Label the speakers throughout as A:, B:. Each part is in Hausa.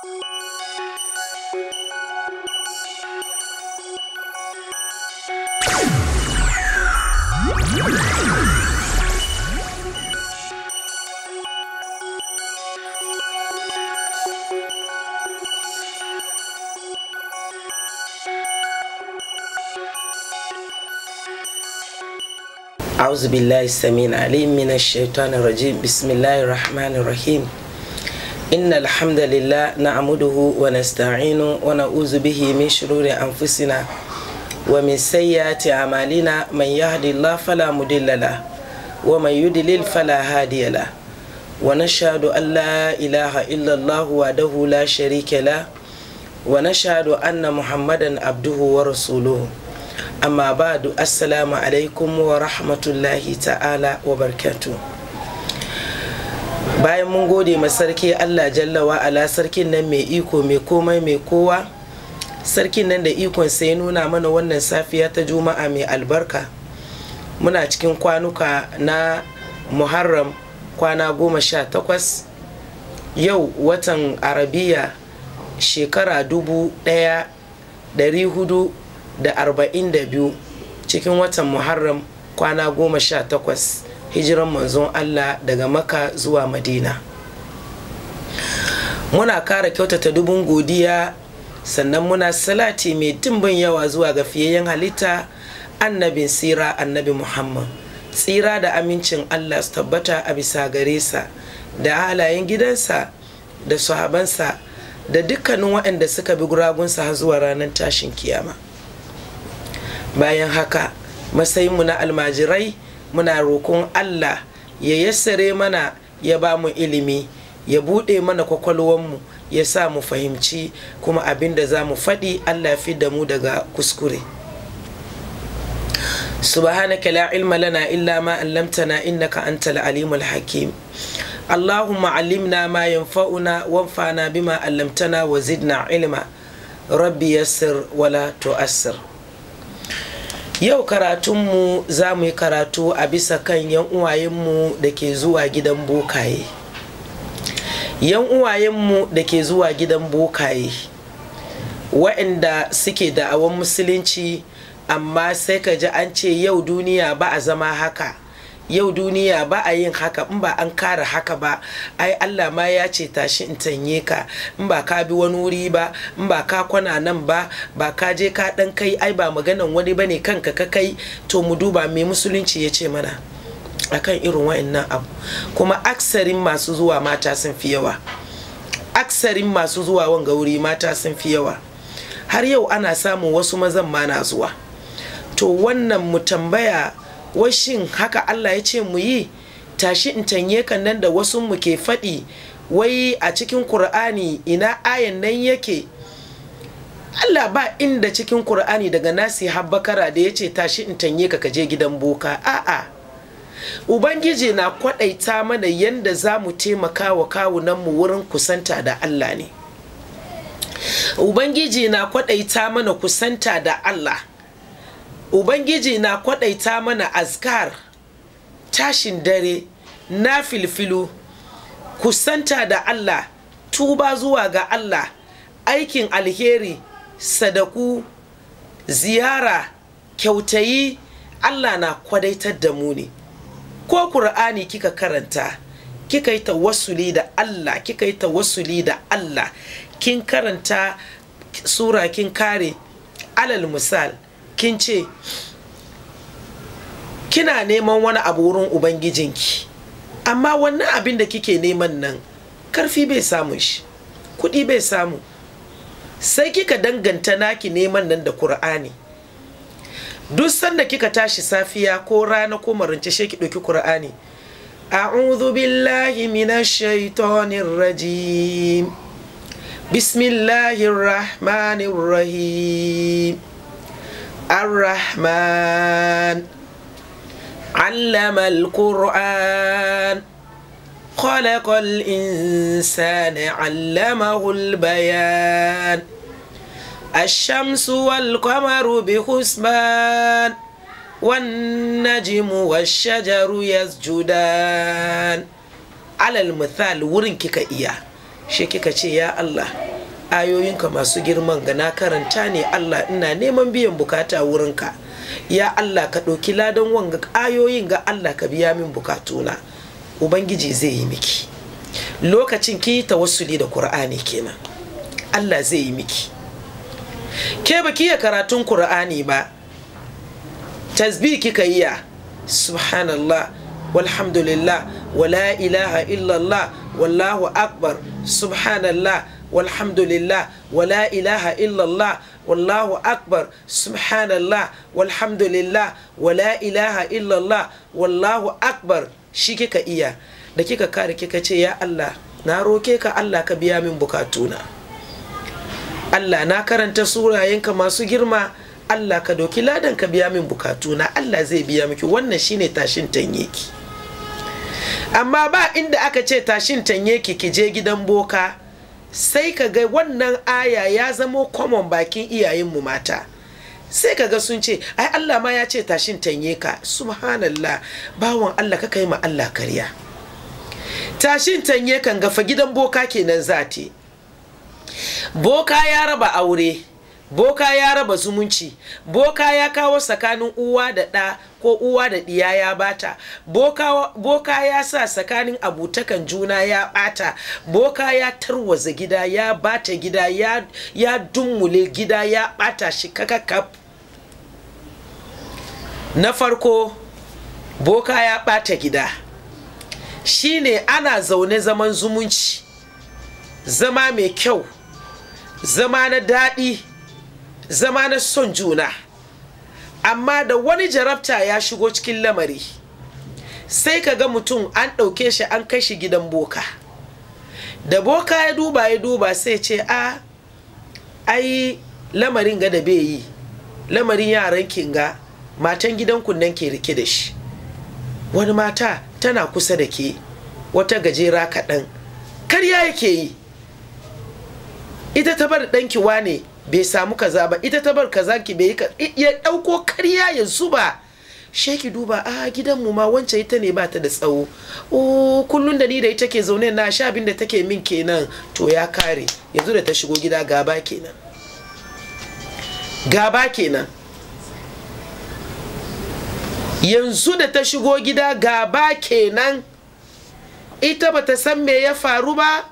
A: أعوذ بالله السميع العليم من الشيطان الرجيم بسم الله الرحمن الرحيم إن الحمد لله نعمده ونستعينه ونعوذ به من شرور أنفسنا ومن سيئات أعمالنا من يهد الله فلا مضل له ومن يضلل فلا هادي له ونشهد أن لا إله إلا الله وحده لا شريك له ونشهد أن محمدا عبده ورسوله أما بعد السلام عليكم ورحمة الله تعالى وبركاته bayan mun gode ma sarki allah jallawa ala sarkin nan mai iko mai komai mai kowa sarkin nan da ikon sai nuna mana wannan safiya ta juma'a mai albarka muna cikin kwanuka na muharram kwana goma sha takwas yau watan arabiya shekara dubu daya dari hudu da arba'in da biyu cikin watan muharram kwana goma sha takwas hijiran manzon Allah daga maka zuwa madina muna kara kyautata dubun godiya sannan muna salati mai dimbin yawa zuwa ga fiyayyen halitta annabin tsira, annabi muhammad tsira da amincin allah su tabbata a bisa gare sa da halayen gidansa da sahabansa da dukkanin waɗanda suka bi guragunsa har zuwa ranar tashin kiyama bayan haka matsayinmu na almajirai muna rokon Allah ya yassare mana ya ba mu ilimi ya buɗe mana kwakwalwanmu ya sa mu fahimci kuma abin da za mu faɗi Allah fi da mu daga kuskure subhanaka la ilma lana illa ma allamtana innaka antal alimul hakim اللهم علمنا ما ينفعنا bima بما علمتنا وزدنا ilma rabbi يسر wala تؤسر yau karatunmu za mu yi karatu a bisa kan yan uwayenmu da ke zuwa gidan bokaye yan uwayenmu da ke zuwa gidan bokaye waɗanda suke da'awan musulunci amma sai ka ji an ce yau duniya ba a zama haka yau duniya ba a yin haka in ba an kara haka ba ai Allah ma ya ce tashi in tanye ka in ba ka bi wani wuri ba in ba ka kwana nan ba ba ka je ka dan kai ai ba maganan wani bane kanka ka kai to mu duba me musulunci ya ce mana akan irin wa'annan abu kuma aksarin masu zuwa mata sun fi yawa aksarin masu zuwa wanga wuri mata sun fi yawa har yau ana samun wasu mazan ma na zuwa to wannan mu tambaya wai shin haka Allah ya ce mu yi tashi in tanye kan nan da wasu mu ke faɗi wai a cikin Kur'ani ina ayan nan yake Allah ba inda cikin Kur'ani daga nasi habbakara da ya ce tashi in tanye ka je gidan boka a'a Ubangiji na kwaɗaita mana yanda za mu taimaka wa kawunan mu wurin kusanta da Allah ne. Ubangiji na kwaɗaita mana kusanta da Allah. ubangiji na kwaɗaita mana azkar tashin dare na filfilu kusanta da allah tuba zuwa ga allah aikin alheri sadaku ziyara kyautayi allah na kwadaitar da mu ne ko ƙur'ani kika karanta kika yi tawassuli da allah kika yi tawassuli da allah kin karanta sura kin kare alal misal kin ce kina neman wani abu wurin ubangijinki amma wannan abin da kike neman nan karfi bai samun shi kuɗi bai samu sai kika danganta naki neman nan da kur'ani duk sanda kika tashi safiya ko rana ko marince ki ɗauki kur'ani a'udhu billahi minash shaitonir rajim rahmanir rahim الرحمن علم القرآن خلق الإنسان علمه البيان الشمس والقمر بخسبان والنجم والشجر يسجدان على المثال ورنكك إياه شكك يا الله ayoyinka masu girman ga na karanta ne Allah ina neman biyan bukata wurinka ya Allah ka ɗauki ladan wanga ayoyin ga Allah ka biya min bukatuna ubangiji zai yi miki lokacin ki ta tawassuli da Kur'ani kenan Allah zai yi miki ke baki ya karatun Kur'ani ba tasbih kika yi ya subhanallah walhamdulillah wala ilaha illallah wallahu akbar subhanallah walhamdulillah wala ilaha illallah wallahu akbar subhanallah walhamdulillah wala ilaha illallah wallahu akbar shi kika iya da kika kare kika ce ya Allah na roke ka Allah ka biya min bukatuna Allah na karanta surayenka masu girma Allah ka doki ladan ka biya min bukatuna Allah zai biya miki wannan shine tashin tanye ki amma ba inda aka ce tashin tanye ki ki je gidan boka sai ka ga wannan aya ya zamo common bakin iyayenmu mata sai ka ga sun ce ai Allah ma ya ce tashin tanye ka subhanallah bawan Allah ka kai ma Allah karya tashin tanye kan gafa gidan boka kenan zati boka ya raba aure boka ya raba zumunci boka ya kawo tsakanin uwa da ɗa ko uwa da ɗiya ya bata boka, ya sa tsakanin abutakan juna ya bata boka ya tarwaza gida ya bata gida ya, ya dummule gida ya bata shi kakakaf na farko boka ya bata gida shine ana zaune zaman zumunci zama mai kyau zama na daɗi zama na son juna amma da wani jarabta ya shigo cikin lamari sai ka ga mutum an ɗauke shi an kai shi gidan boka da boka ya duba ya duba sai ce a ai lamarin ga da bai yi lamarin yaran ga, matan gidan kunnen ke rike da shi wani mata tana kusa da ke wata gajera kaɗan karya yake yi ita ta bar ɗanki wane bai samu kaza ba ita ta bar kaza ki bai ya ɗauko karya ya ba. she ki duba a mu ma wancan ita ne ba ta da tsawo o kullun da ni da ita ke zaune na sha abin da take min kenan to ya kare yanzu da ta shigo gida gaba kenan gaba kenan yanzu da ta shigo gida gaba kenan ita ba ta san me ya faru ba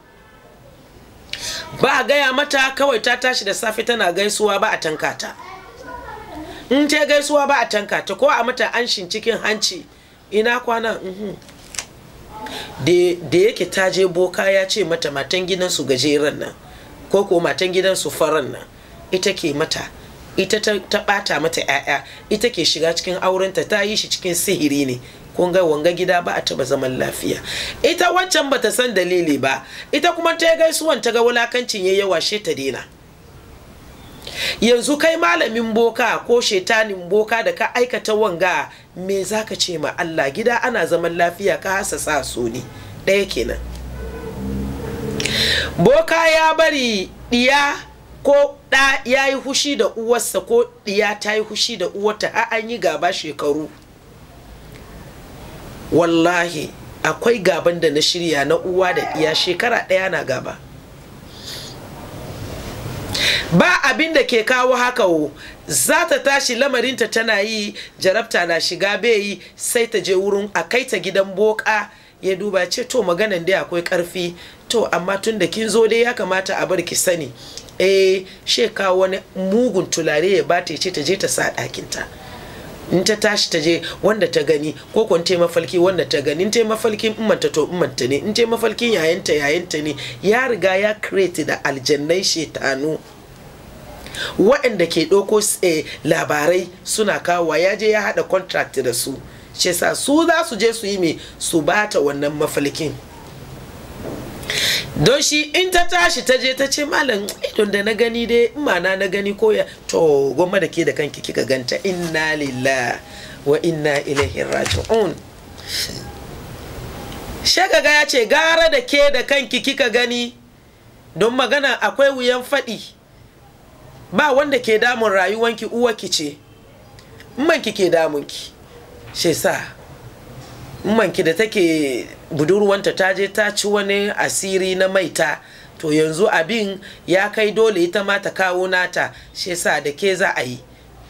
A: ba a gaya mata kawai ta tashi da safe tana gaisuwa ba a tankata in ta gaisuwa ba a tankata ko a mata anshin cikin hanci ina kwana mhm. da yake ta je boka ya ce mata matan gidansu gajeren nan ko ko matan gidansu faran nan ita ke mata ita ta bata mata 'ya'ya ita ke shiga cikin aurenta ta yi shi cikin sihiri ne kun wanga gida ba a taba zaman lafiya ita wancan bata san dalili ba ita kuma ta gaisuwan ta ga wulakancin yayi yawa she ta dina yanzu kai malamin boka ko shetanin boka da ka aikata wanga me zaka ce ma Allah gida ana zaman lafiya ka sa su ne ɗaya kenan boka ya bari ɗiya ko ɗa ya yi hushi da uwarsa ko ɗiya ta yi hushi da uwarta a an yi gaba shekaru wallahi akwai gaban da na shirya na uwa da iya shekara ɗaya na gaba ba abin da ke kawo haka wo za ta tashi lamarinta tana yi jarabta na shiga yi sai ta je wurin a kai ta gidan boka ya duba ce to maganan dai akwai karfi to amma tun da kin zo dai ya kamata a bar ki sani eh shekawa wani mugun tulare ya bata ya ce ta je ta sa ɗakinta in ta tashi ta je wanda ta gani ko kun ta mafalki wanda ta gani in ta mafalkin ummanta to ummanta ne in ta mafalkin yayanta yayanta ne ya riga ya create da aljannai shetanu waɗanda ke ɗauko eh, labarai suna kawo ya je ya haɗa contract da su shi sa su za su je su yi mai su bata wannan mafalkin don shi in ta tashi ta je ta ce malam idon da na gani dai in mana na gani koya to gwamma da ke da kanki kika ganta inna lillah wa inna ilaihi raji'un shagaga ya ce gara da ke da kanki kika gani don magana akwai wuyan faɗi ba wanda ke damun rayuwanki uwarki ce manki ke damunki shesa manki da take budurwanta ta je ta ci wani asiri na maita to yanzu abin ya kai dole ita ma ta kawo nata shi sa da ke za a yi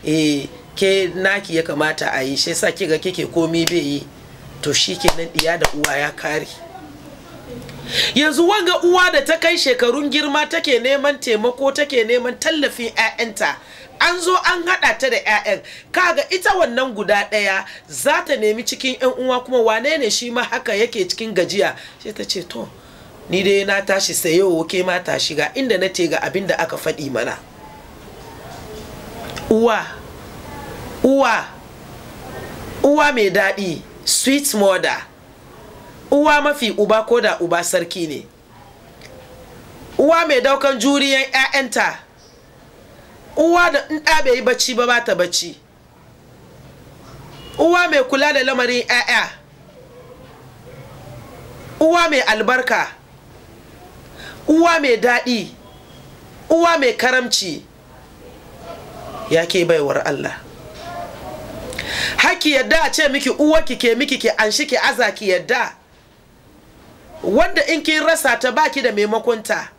A: e ke naki ya kamata a yi shi yasa kiga kike komi bai yi to shi ke nan diya da uwa ya kare yanzu wanga uwa da ta kai shekarun girma take neman taimako take neman tallafin 'ya'yanta an zo an haɗa ta da 'ya'yan kaga ita wannan guda ɗaya za ta nemi cikin 'yan uwa kuma wane ne shi ma haka yake cikin gajiya sai ta ce to ni dai na tashi sayo ke ma ta shiga inda na te ga abin da aka faɗi mana uwa uwa uwa mai daɗi sweet mother uwa mafi uba ko da uba sarki ne uwa mai daukan juriyan 'ya'yanta uwa da in ɗa bai yi bacci ba ba bacci uwa mai kula da lamarin 'ya'ya uwa mai albarka uwa mai daɗi uwa mai karamci ya ke baiwar Allah haki yadda a ce miki uwa ki ke miki ki an shi ki aza ki yadda wanda in kin rasa ta baki da maimakonta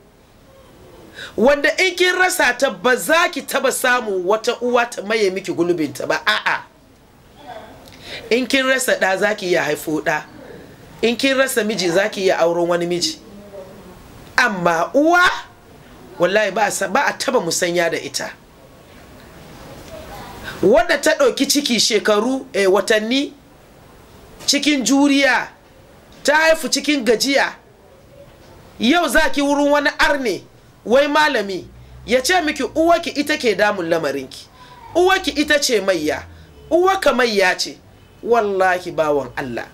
A: wanda in kin rasa ta ba za ki taba samu wata uwa ta maye miki gulbinta ba a'a in kin rasa ɗa za ki iya haifo ɗa in kin rasa miji za ki iya auren wani miji amma uwa wallahi ba a taba musanya da ita wadda ta ɗauki ciki shekaru eh watanni cikin juriya ta haifu cikin gajiya yau za ki wurin wani arne wai malami ya ce miki uwaki ita ke damun lamarinki uwaki ita ce mayya uwaka mayya ce Wallaki bawan Allah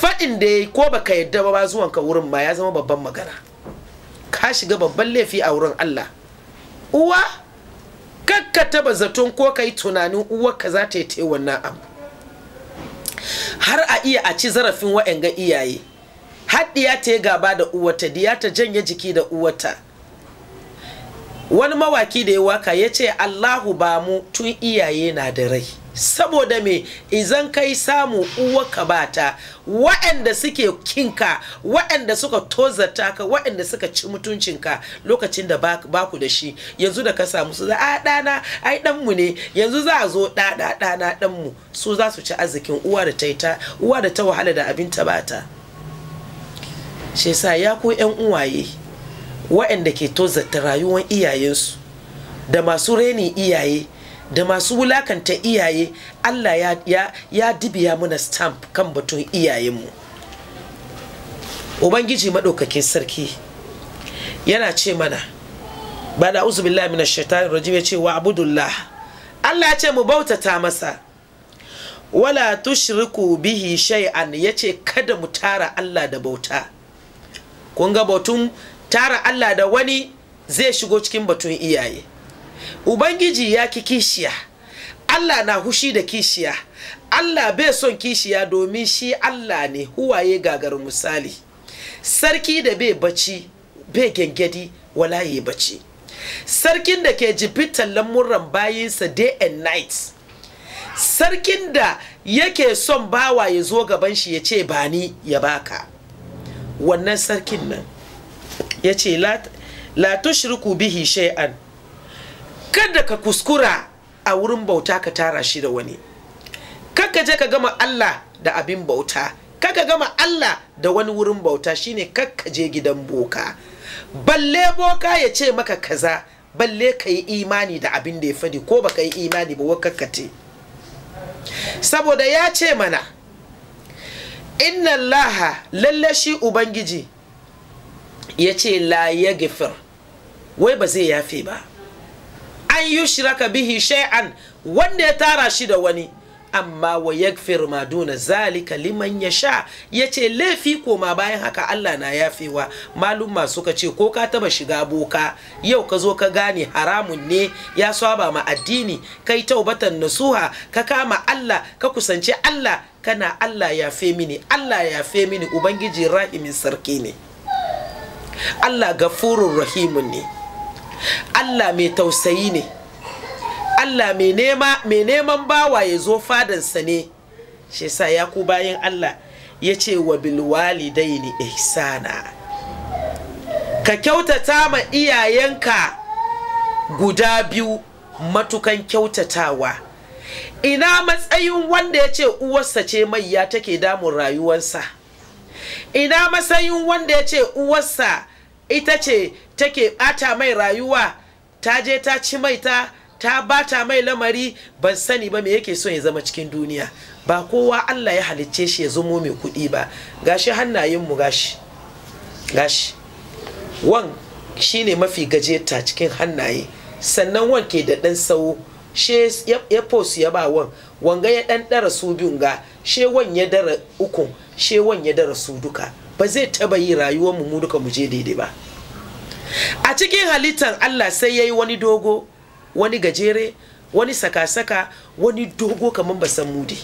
A: faɗin da ya yi ko baka yadda ba zuwan ka wurin ma ya zama babban magana ka shiga babban laifi a wurin Allah uwa kakka taba zaton ko kai tunanin uwarka za ta yi ta wannan abu har a iya a ci zarafin wa'yan ga iyaye haɗiya ta yi gaba da uwata diya ta janye jiki da uwata wani mawaki da ya waka ya ce allahu ba mu tun iyaye na da rai saboda me izan kai samu uwaka bata waɗanda suke kinka waɗanda suka tozarta ka waɗanda suka ci mutuncinka lokacin da baku da shi yanzu da ka samu su za a ɗana ai ɗanmu ne yanzu za a zo ɗaɗa ɗana ɗanmu su za su ci arzikin uwa da ta ta, uwa da ta wahala da abin ta bata shi ya ku 'yan uwaye wa'anda ke tozata rayuwar iyayensu da masu reni iyaye da masu wulakanta iyaye Allah ya, ya, ya dibiya mana stamp kan batun iyayenmu ubangiji maɗaukakin sarki yana ce mana ba da uzubillah mina shaitanin rajim ya ce wa abudullah Allah ya ce mu bautata masa wala tushriku bihi shay'an ya ce kada mu tara Allah da bauta kun ga batun tara Allah da wani zai shigo cikin batun iyaye ubangiji ya ki kishiya Allah na hushi da kishiya Allah bai son kishiya domin shi Allah ne huwaye gagar misali sarki da bai bacci bai gengedi wala yi bacci sarkin da ke jibitan lamuran bayinsa day and night sarkin da yake son bawa ya zo gaban shi ya ce ba ni ya baka wannan sarkin nan ya ce la bihi shay'an kada ka kuskura a wurin bauta ka tara shi da wani kaka je ka gama Allah da abin bauta kaka gama Allah da wani wurin bauta shine kaka je gidan boka balle boka ya ce maka kaza balle ka yi imani da abin da ya fadi ko baka yi imani ba wakakkate saboda ya ce mana inna Allah lalle shi ubangiji ya ce la ya gifir wai ba zai yafe ba an yi shiraka bihi shay'an wanda ya tara shi da wani amma wa ma duna zalika liman ya sha ya ce laifi koma bayan haka Allah na yafewa malumma suka ce ko ka taba shiga boka yau ka zo ka gane haramun ne ya saba ma addini kai taubatan nasuha ka kama Allah ka kusance Allah kana Allah ya fe mini Allah ya fe mini ubangiji rahimin sarki ne Allah gafurun rahimun ne Allah mai tausayi ne Allah mai neman bawa ya zo fadansa ne shi sa ya ku bayan Allah ya ce wa bilwalidaini ihsana ka kyautata ma iyayenka guda biyu matukan kyautatawa ina matsayin wanda ya ce uwarsa ce mai ya take damun rayuwarsa ina masayin wanda ya ce uwarsa ita ce take ɓata mai rayuwa ta je ta ci mai ta ta bata mai lamari ban sani ba me yake so ya zama cikin duniya ba kowa Allah ya halicce shi ya zumo mai kuɗi ba gashi hannayenmu gashi gashi wan shine mafi gajeta cikin hannaye sannan wan ke da ɗan sawo she ya fosu ya ba wan wanga ya ɗan ɗara su biyun ga she wan ya dara ukun shewan ya dara su duka ba zai taba yi rayuwar mu duka mu je daidai ba a cikin halittar Allah sai yayi wani dogo wani gajere wani saka saka wani dogo kamar basan mudi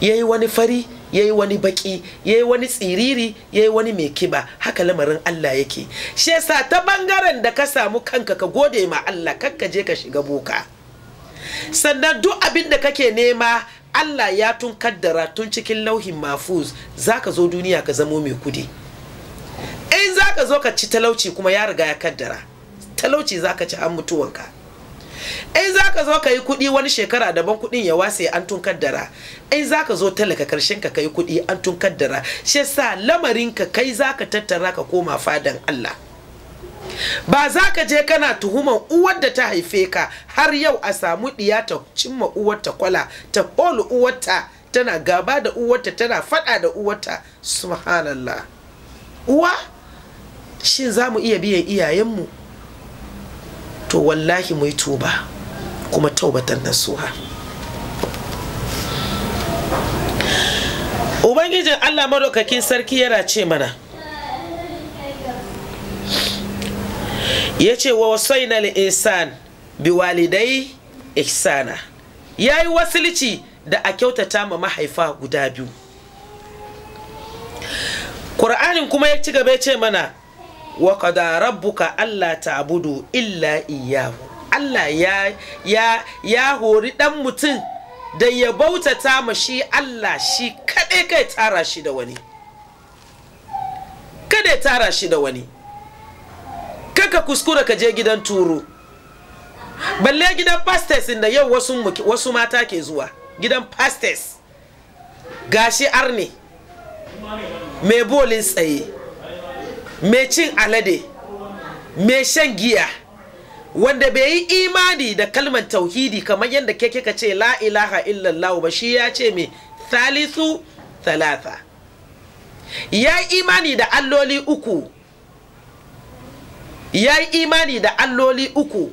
A: yayi wani fari yayi wani baki yayi wani tsiriri yayi wani mai kiba haka lamarin Allah yake shi yasa ta bangaren da ka samu kanka ka gode ma Allah kakka je ka shiga boka sannan duk abin da kake nema Allah ya tun kaddara tun cikin lauhin mafuz zaka zo duniya ka zamo mai kudi in ka zo ka ci talauci kuma ya riga ya kaddara talauci zaka ci an mutuwanka in ka zo ka yi kudi wani shekara daban kudin ya wase an tun kaddara in ka zo talaka karshen ka yi kudi an tun kaddara shi sa lamarin ka kai zaka tattara ka koma fadan Allah ba za ka je kana tuhuman uwar da ta haife ka har yau a samu ɗiya ta cimma uwar ta kwala ta holu uwar ta tana gaba da uwar ta tana faɗa da uwar su subhanallah uwa shin za mu iya biyan iyayenmu to wallahi mu tuba kuma taubatan nasuha ubangijin allah madaukakin sarki yana ce mana ya ce wa wasai na insan bi walidai ihsana ya yi wasilici da a kyautata ma mahaifa guda biyu ƙura'anin kuma ya ci gaba ya ce mana wa qada rabbuka ta ta'budu illa iyahu Allah ya hori ɗan mutum da ya bautata ma shi Allah shi kaɗai kai kada ya tara shi da wani ka kuskura ka je gidan turu balle gidan pastors inda yau wasu, wasu mata ke zuwa gidan pastors gashi arne mai bolin tsaye mai cin alade mai shan giya wanda bai yi imani da kalmar tauhidi kamar yadda keke ka ce la ilaha illallah ba shi ya ce mai thalithu thalatha ya yi imani da alloli uku ya yi imani da alloli uku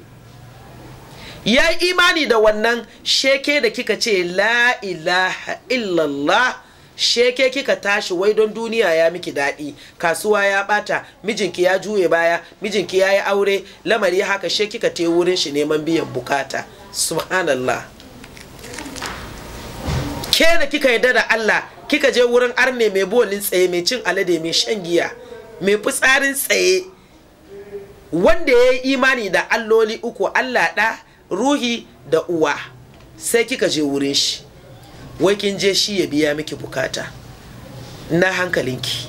A: ya yi imani da wannan sheke da kika ce la ilaha illallah sheke kika tashi wai don duniya ya miki daɗi kasuwa ya ɓata mijinki ya juye baya mijinki ya yi aure lamari haka she kika te wurin shi neman biyan bukata subhanallah ke da kika yarda da Allah kika je wurin arne mai bolin tsaye mai cin alade mai shan giya mai fitsarin tsaye wanda ya yi imani da alloli uku allah ɗa ruhi da uwa sai kika je wurin shi wai kin je shi ya biya miki bukata ina hankalinki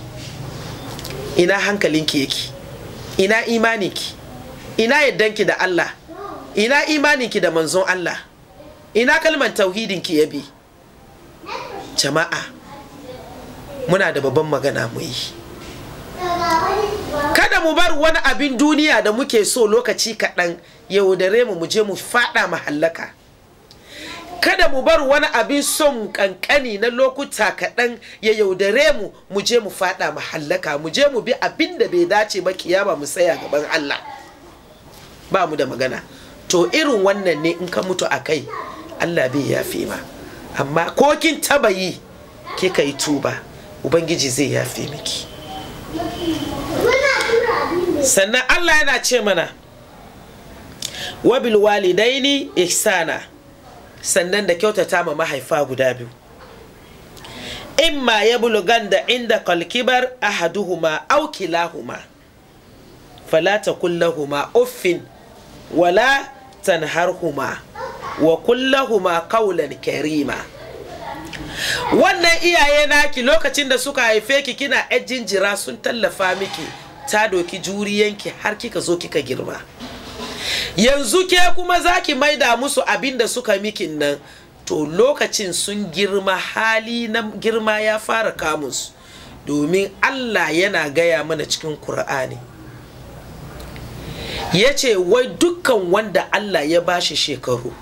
A: ina hankalinki yake ina imaninki ina yaddanki da allah ina imaninki da manzon allah ina kalmar tauhidinki ya bi jama'a muna da babban magana mu yi kada mu bar wani abin duniya da muke so lokaci kaɗan yaudare mu mu mu faɗa mahallaka kada mu bar wani abin son kankani na lokuta kaɗan ya yaudare mu muje mu faɗa mahallaka muje mu bi abin da bai dace ba kiyama mu tsaya gaban Allah ba mu da magana to irin wannan ne in ka mutu a kai Allah bai yafe ma amma ko kin taba yi ke kai tuba ubangiji zai yafe miki sannan Allah yana ce mana wabil walidaini ihsana sannan da kyautata ma mahaifa guda biyu imma ya bulugan da inda kalkibar ahaduhuma aukilahuma kilahuma fala ta kullahuma uffin wala tanharhuma wa kullahuma kaulan karima wannan iyaye naki lokacin da suka haife ki kina yan jinjira sun tallafa miki ta doki juriyanki har kika zo kika girma yanzu ke kuma zaki maida musu abin da suka mikin nan to lokacin sun girma hali na girma ya fara kamusu domin Allah yana gaya mana cikin Kur'ani ya ce wai dukkan wanda Allah ya bashi shekaru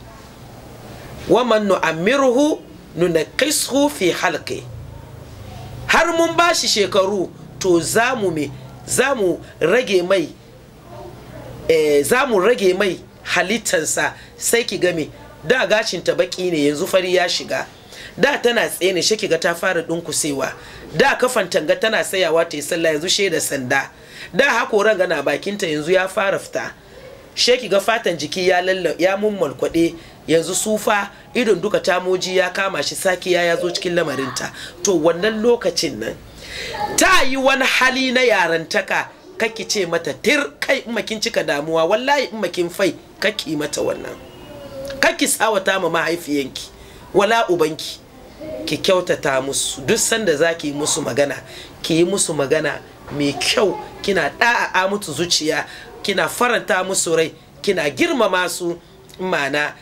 A: waman amirhu nuna kishu fi halke har mun ba shi shekaru to zamu me zamu rage mai eh zamu rage mai halittansa sai ki game da gashinta baki ne yanzu fari ya shiga da tana tsene shi kiga ta fara dunkusewa da kafan tanga tana sayawa ta yi sallah yanzu da sanda da hakoran gana bakinta yanzu ya fara fita sheki ga fatan jiki ya lalla ya kwade yanzu sufa idon duka tamoji ya kama shi saki ya zo cikin lamarinta to wannan lokacin nan ta yi wani hali na yarantaka kake ce mata tir kai in makin cika damuwa wallahi in makin fai kaki mata wannan kaki tsawata ma mahaifiyanki wala ubanki ki kyautata musu duk sanda zaki yi musu magana ki yi musu magana mai kyau kina ɗa'a mutu zuciya kina faranta musu rai kina girmama su mana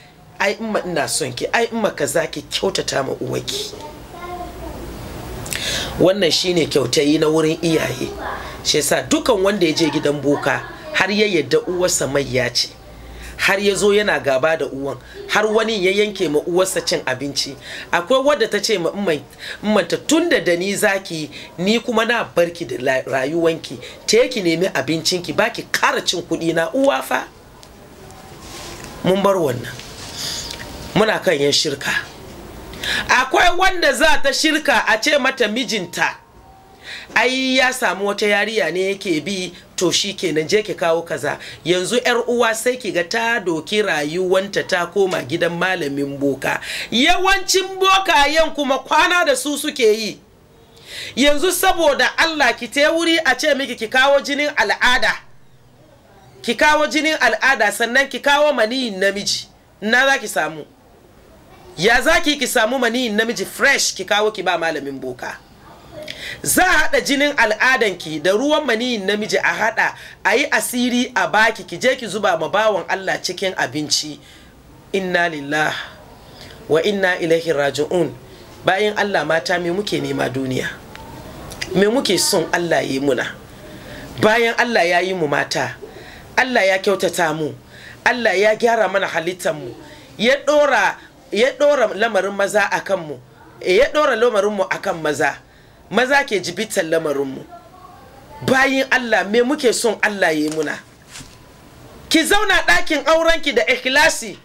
A: ai ma ina son ki ai in ka kaza ki kyautata ma uwaki wannan shine kyautayi na wurin iyaye shi yasa dukan wanda ya je gidan boka har ya yadda uwarsa mai ya ce har ya zo yana gaba da uwan har wani ya yanke ma uwarsa cin abinci akwai wadda ta ce manta tun da da ni zaki ni kuma na barki da rayuwanki te ki nemi abincinki baki kara cin kuɗi na uwa fa mun bar wannan muna kan yin shirka akwai wanda za ta shirka a ce mata mijinta ai ya samu wata yariya ne yake bi to shi kenan je ki kawo kaza yanzu yar uwa sai ki ga ta doki rayuwanta ta koma gidan malamin boka yawancin boka yan kuma kwana da su suke yi yanzu saboda Allah ki te wuri a ce miki ki kawo jinin al'ada ki kawo jinin al'ada sannan ki kawo maniyin namiji na za ki samu ya zaki ki samu maniyin namiji fresh ki kawo ki ba malamin boka za a haɗa jinin al'adanki da ruwan maniyin namiji a haɗa a yi asiri a baki ki je ki zuba ma bawan Allah cikin abinci inna lillah wa inna ilaihi raji'un bayan Allah mata me muke nema duniya me muke son Allah yi muna bayan Allah ya yi mu mata Allah ya kyautata mu Allah ya gyara mana halittar mu ya ɗora ya ɗora lamarin maza a kanmu eh, ya ɗora lamarinmu a kan maza maza ke jibitar lamarinmu bayin Allah me muke son Allah ya yi muna ki zauna ɗakin aurenki da ikhlasi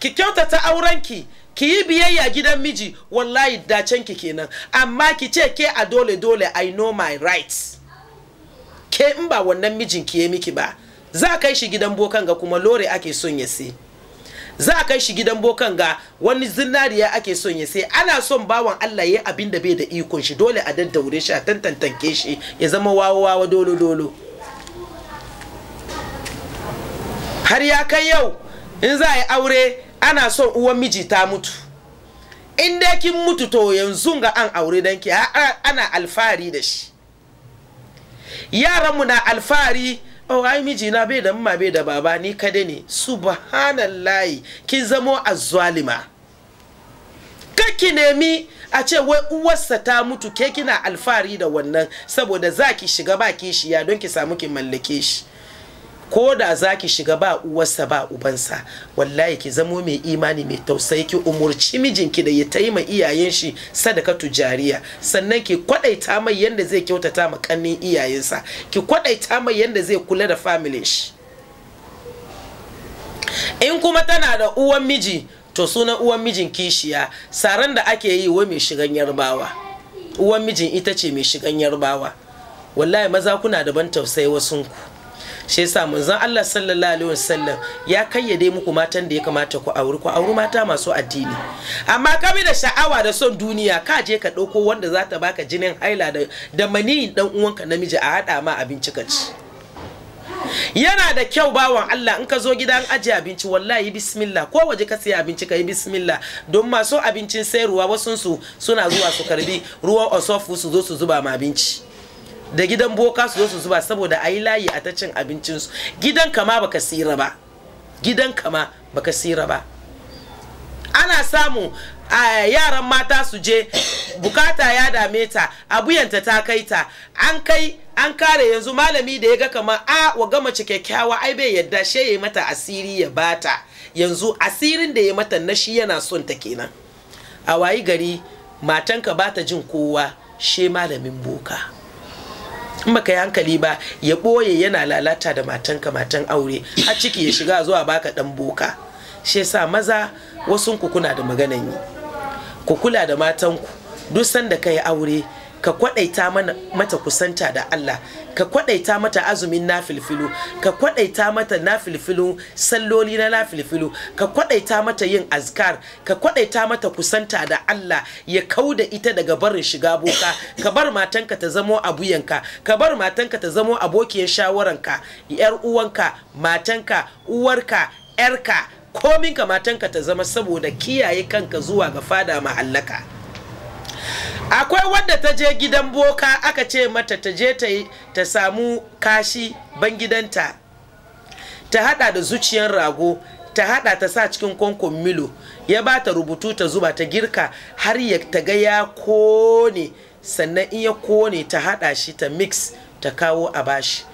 A: ki kyautata aurenki ki yi biyayya gidan miji wallahi dacenki kenan amma ki ce ke a dole dole i know my rights ke in ba wannan mijin ki ya miki ba za kai shi gidan bokan ga kuma lore ake son ya si. za a kai shi gidan bokan ga wani zinariya ake son ya sai ana son bawan Allah ya abin da bai da ikon shi dole a daddaure shi a tantantanke shi ya zama wawa wawo dolo dolo har ya kai yau in za a yi aure ana son uwan miji ta mutu in dai kin mutu to yanzu ga an aure dan ki ana alfahari da shi yaranmu na alfahari oh ai mijina bai da mma bai da baba ni kada ne subhanallahi ki zamo azzalima kaki nemi a ce wai uwarsa ta mutu ke kina alfahari da wannan saboda za ki shiga ba kishiya don ki samu ki mallake shi ko da za ki shiga ba uwarsa ba ubansa wallahi ki zamo mai imani mai tausayi ki umurci mijinki da ya taima iyayen shi sadaka tujariya sannan ki kwadaita mai yanda zai kyautata ma kannin iyayensa ki kwadaita mai yanda zai kula da familin shi in kuma tana da uwan miji to sunan uwan mijin kishiya saran da ake yi wa mai shigan yarbawa uwan mijin ita ce mai shigan yarbawa wallahi maza kuna da ban tausayi wasunku shi yasa manzon Allah sallallahu alaihi wasallam ya kayyade muku matan da ya kamata ku auri ku auri mata masu addini amma kabi da sha'awa da son duniya ka je ka ɗauko wanda za ta baka jinin haila da da maniyin dan uwanka namiji a haɗa ma abinci ka ci yana da kyau bawan Allah in ka zo gidan ajiye abinci wallahi bismillah ko waje ka siya abinci ka yi bismillah don masu abincin sayarwa wasunsu suna zuwa su karbi ruwan osofu su zo su zuba ma abinci da gidan boka su zo su zuba saboda a yi layi a ta cin abincinsu gidan kama baka sira ba gidan kama baka sira ba ana samu a yaran mata su je bukata ya dame ta abuyanta ta kai ta an kai an kare yanzu malami da ya ga kama a wa gama mace kyakkyawa ai bai yadda she ya mata asiri ya bata yanzu asirin da ya mata na shi yana son ta kenan a wayi gari matanka bata jin kowa she malamin boka in baka yi hankali ba ya ɓoye yana lalata da matanka matan aure a ciki ya shiga zuwa baka ɗan boka shi sa maza wasunku kuna da maganan yi ku kula da matan ku duk sanda ka aure ka kwadaita mata kusanta da Allah ka kwadaita mata azumin nafilfilu ka kwadaita mata nafilfilu salloli na nafilfilu ka kwadaita mata yin azkar ka kwadaita mata kusanta da Allah ya kau da ita daga barin shiga boka ka bar matanka ta zamo abuyanka ka bar matanka ta zamo abokiyar shawaranka yar uwanka matanka uwarka yarka komin ka matanka ta zama saboda kiyaye kanka zuwa ga fada mahallaka akwai wanda ta je gidan boka aka ce mata ta je ta samu kashi ban gidanta ta hada da zuciyar rago ta hada ta sa cikin konkon milo ya ba ta rubutu ta zuba ta girka har ya ta ga ya kone sannan in ya kone ta hada shi ta mix ta kawo a bashi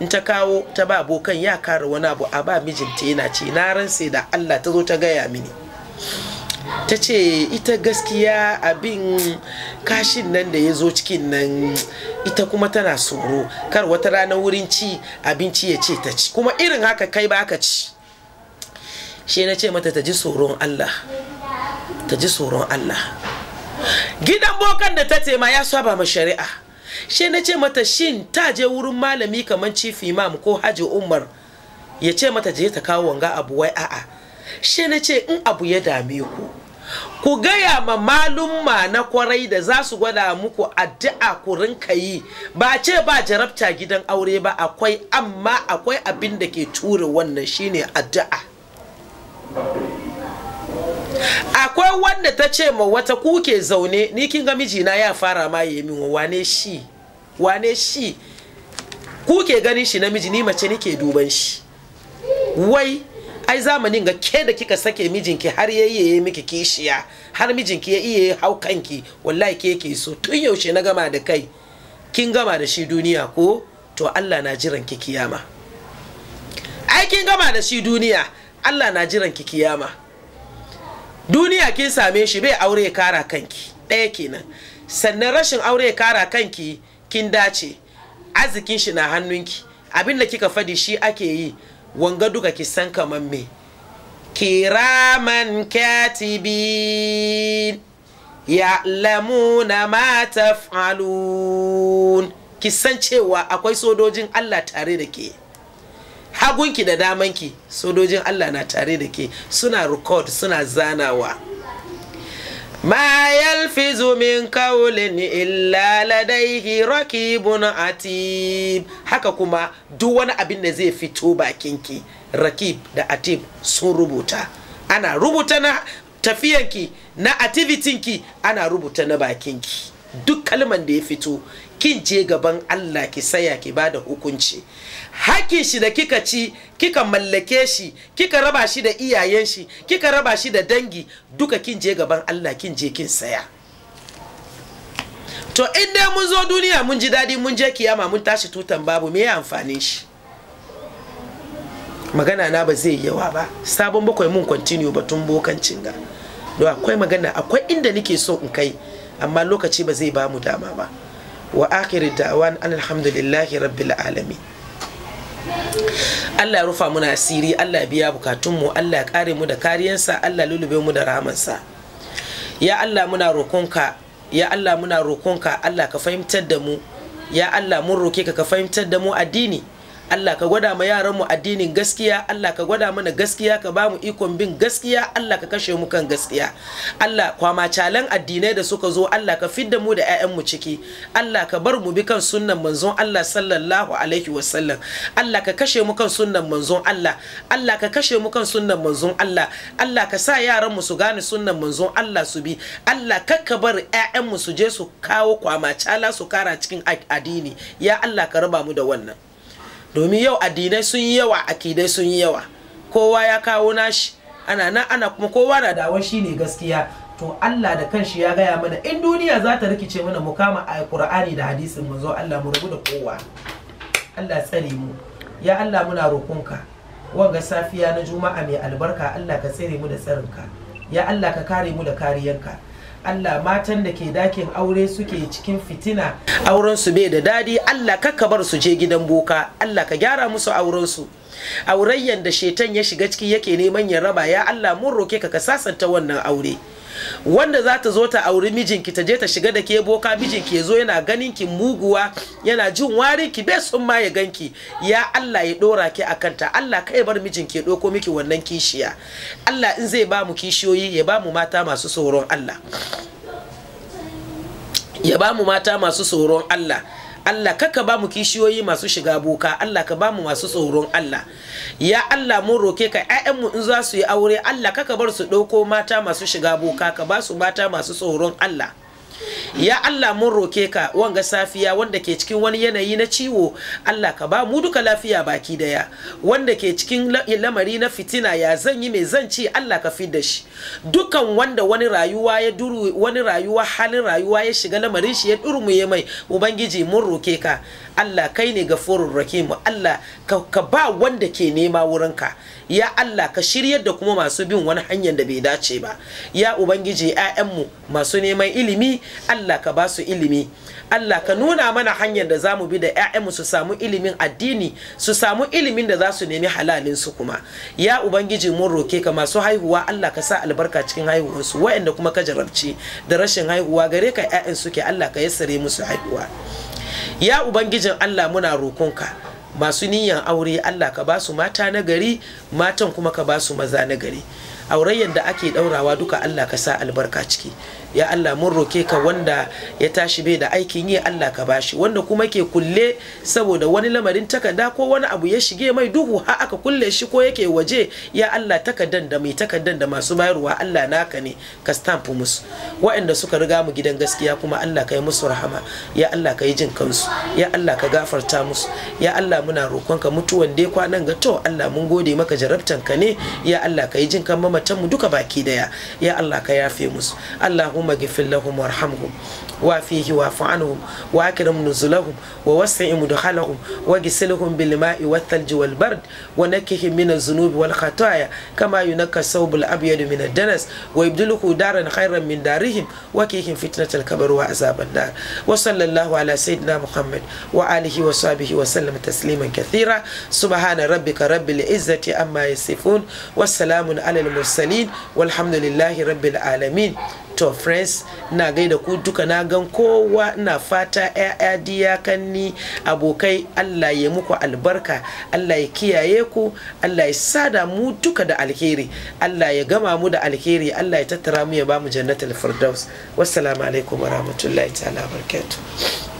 A: in ta kawo ta ba abokan ya kara wani abu a ba mijinta yana ce na sai da allah ta zo ta gaya mini ta ce ita gaskiya abin kashin nan da ya zo cikin nan ita kuma tana tsoro kar wata rana wurin ci abinci ya ce ta ci kuma irin haka kai ba ka ci shi na ce mata ta ji tsoron Allah ta ji tsoron Allah gidan bokan da ta ce ma ya saba ma shari'a shi na ce mata shin ta je wurin malami kamar chief imam ko haji umar ya ce mata je ta kawo wanga abu wai a'a shi na ce in abu ya dame ku ku gaya ma malumma na kwarai da za su gwada muku addu'a ku rinka yi ba ce ba jarabta gidan aure ba akwai amma akwai abin da ke ture wannan shine addu'a akwai wanda ta ce ma wata kuke zaune ni kin ga mijina ya fara ma ya min wane shi wane shi kuke ganin shi namiji ni mace nike duban shi wai ai zamanin ga ke da kika sake mijinki har ya yi miki kishiya har mijinki ya iya hau kanki wallahi ke ke so tun yaushe na gama da kai kin gama da shi duniya ko to Allah na jiran ki kiyama ai kin gama da shi duniya Allah na jiran ki kiyama duniya kin same shi bai aure ya kara kanki ɗaya kenan sannan rashin aure ya kara kanki kin dace arzikin shi na hannunki abin da kika fadi shi ake yi wanga duka ki san kamar me kiraman katibin ya'lamuna mata falun ki san cewa akwai sojojin Allah tare da ke hagunki da damanki sojojin Allah na tare da ke suna record suna zanawa ما يلفظ من قول إلا لديه ركيب عتيب haka kuma duk wani abin da zai fito bakinki rakib da atib sun rubuta ana rubuta na tafiyanki na activitinki ana rubuta na bakinki duk kalman da ya fito kin je gaban Allah ki saya ki bada hukunci hakin shi da kika ci kika mallake shi kika raba shi da iyayen shi kika raba shi da dangi duka kin je gaban Allah kin je kin saya to in dai mun zo duniya mun ji daɗi mun je kiyama mun tashi tutan babu me ya amfanin shi magana na ba zai yawa ba sabon bakwai mun continue batun bokancin ga don akwai magana akwai inda nake so in kai amma lokaci ba zai ba mu dama ba wa akhiru da'wan alhamdulillahi rabbil alamin Allah ya rufa muna asiri Allah ya biya bukatunmu Allah ya kare mu da kariyansa Allah ya lulube mu da rahamansa ya Allah muna rokonka ya Allah muna rokonka Allah ka fahimtar da mu ya Allah mun roke ka ka fahimtar da mu addini Allah ka gwada ma yaran mu addinin gaskiya Allah ka gwada mana gaskiya ka ba mu ikon bin gaskiya Allah ka kashe mu kan gaskiya Allah kwama calan addinai da suka zo Allah ka fidda mu da mu ciki Allah ka bar mu bi kan sunnan manzon Allah sallallahu alaihi wasallam Allah ka kashe mu kan sunnan manzon Allah Allah ka kashe mu kan sunnan manzon Allah Allah ka sa yaran mu su gane sunnan manzon Allah su bi Allah ka bar mu su je su kawo kwama cala su kara cikin addini ya Allah ka raba mu da wannan domin yau addinai sun yi yawa akidai sun yi yawa kowa ya kawo nashi ana nan ana kuma kowa na dawon shi ne gaskiya to Allah da kanshi ya gaya mana in duniya za ta rikice mana mu kama a Qur'ani da hadisin manzo Allah mu rubu da kowa Allah tsare mu ya Allah muna roƙonka wanga safiya na juma'a mai albarka Allah ka tsare mu da tsarinka ya Allah ka kare mu da kariyarka Allah matan da ke dakin aure suke cikin fitina auren su bai da dadi Allah kakka bar su je gidan boka Allah ka gyara musu auren su shaitan da shetan ya shiga ciki yake neman ya raba ya Allah mun roke ka ka sasanta wannan aure wanda za ta zo ta auri mijinki ta je ta shiga da ke boka mijinki ya zo yana ganin ki muguwa yana jin warin ki bai sun ma ya ganki ya Allah ya dora ki a kanta Allah kai bar mijinki ya doko miki wannan kishiya Allah in zai ba mu kishiyoyi ya ba mu mata masu tsoron Allah ya ba mu mata masu tsoron Allah Allah kaka ba mu kishiyoyi masu shiga boka Allah ka ba mu masu tsoron Allah ya Allah mun roke ka mu in za su yi aure Allah kaka bar su ɗauko mata masu shiga boka ka ba su mata masu tsoron Allah ya Allah mun roke ka wanga safiya wanda ke cikin wani yanayi na ciwo Allah ka ba mu duka lafiya baki daya wanda ke cikin lamari na fitina ya zan yi mai zan ci Allah ka fi da shi dukan wanda wani rayuwa ya duru wani rayuwa halin rayuwa ya shiga lamarin shi ya durmuye mai ubangiji mun roke ka Allah kai ne ga gafurur rakimu. Allah ka ba wanda ke nema wurinka ya Allah ka shiryar da kuma masu bin wani hanyar da bai dace ba ya ubangiji mu masu neman ilimi Allah ka ba su ilimi Allah ka nuna mana hanyar da za mu bi da 'ya'yanmu su samu ilimin addini su samu ilimin da za su nemi halalinsu kuma ya ubangiji mun roke ka masu haihuwa Allah ka sa albarka cikin haihuwarsu waɗanda kuma ka jarabci da rashin haihuwa gare ka 'ya'yan suke Allah ka yassare musu haihuwa ya ubangijin Allah muna rokonka masu niyan aure Allah ka basu mata na gari matan kuma ka basu maza na gari auren da ake daurawa duka Allah ka sa albarka ciki ya Allah mun roke ka wanda ya tashi bai da aikin yi Allah ka bashi wanda kuma ke kulle saboda wani lamarin takarda ko wani abu ya shige mai duhu har aka kulle shi ko yake waje ya Allah takardan da mai takardan da masu bayarwa Allah naka ne ka stamp musu waɗanda suka riga mu gidan gaskiya kuma Allah ka yi musu rahama ya Allah ka yi jin kansu ya Allah ka gafarta musu ya Allah muna roƙon ka mutuwan dai kwanan ga to Allah mun gode maka jarabtan ka ne ya Allah ka yi jin kan mamatan mu duka baki daya ya Allah ka yafe musu Allah اللهم اغفر لهم وارحمهم وافيه واعف عنهم واكرم نزلهم ووسع مدخلهم واغسلهم بالماء والثلج والبرد ونكهم من الذنوب والخطايا كما ينكى الثوب الابيض من الدنس ويبدله دارا خيرا من دارهم وكيهم فتنه الكبر وعذاب النار وصلى الله على سيدنا محمد واله وصحبه وسلم تسليما كثيرا سبحان ربك رب العزه عما يصفون والسلام على المرسلين والحمد لله رب العالمين to friends ina gaida ku duka na gan kowa na fata ya'ya diyakanni abokai Allah ya muku albarka Allah ya kiyaye ku Allah ya sada mu duka da alheri Allah ya gama mu da alheri Allah ya tattara mu ya ba mu jannatul firdaus wassalamu alaikum warahmatullahi ta'ala barakatuh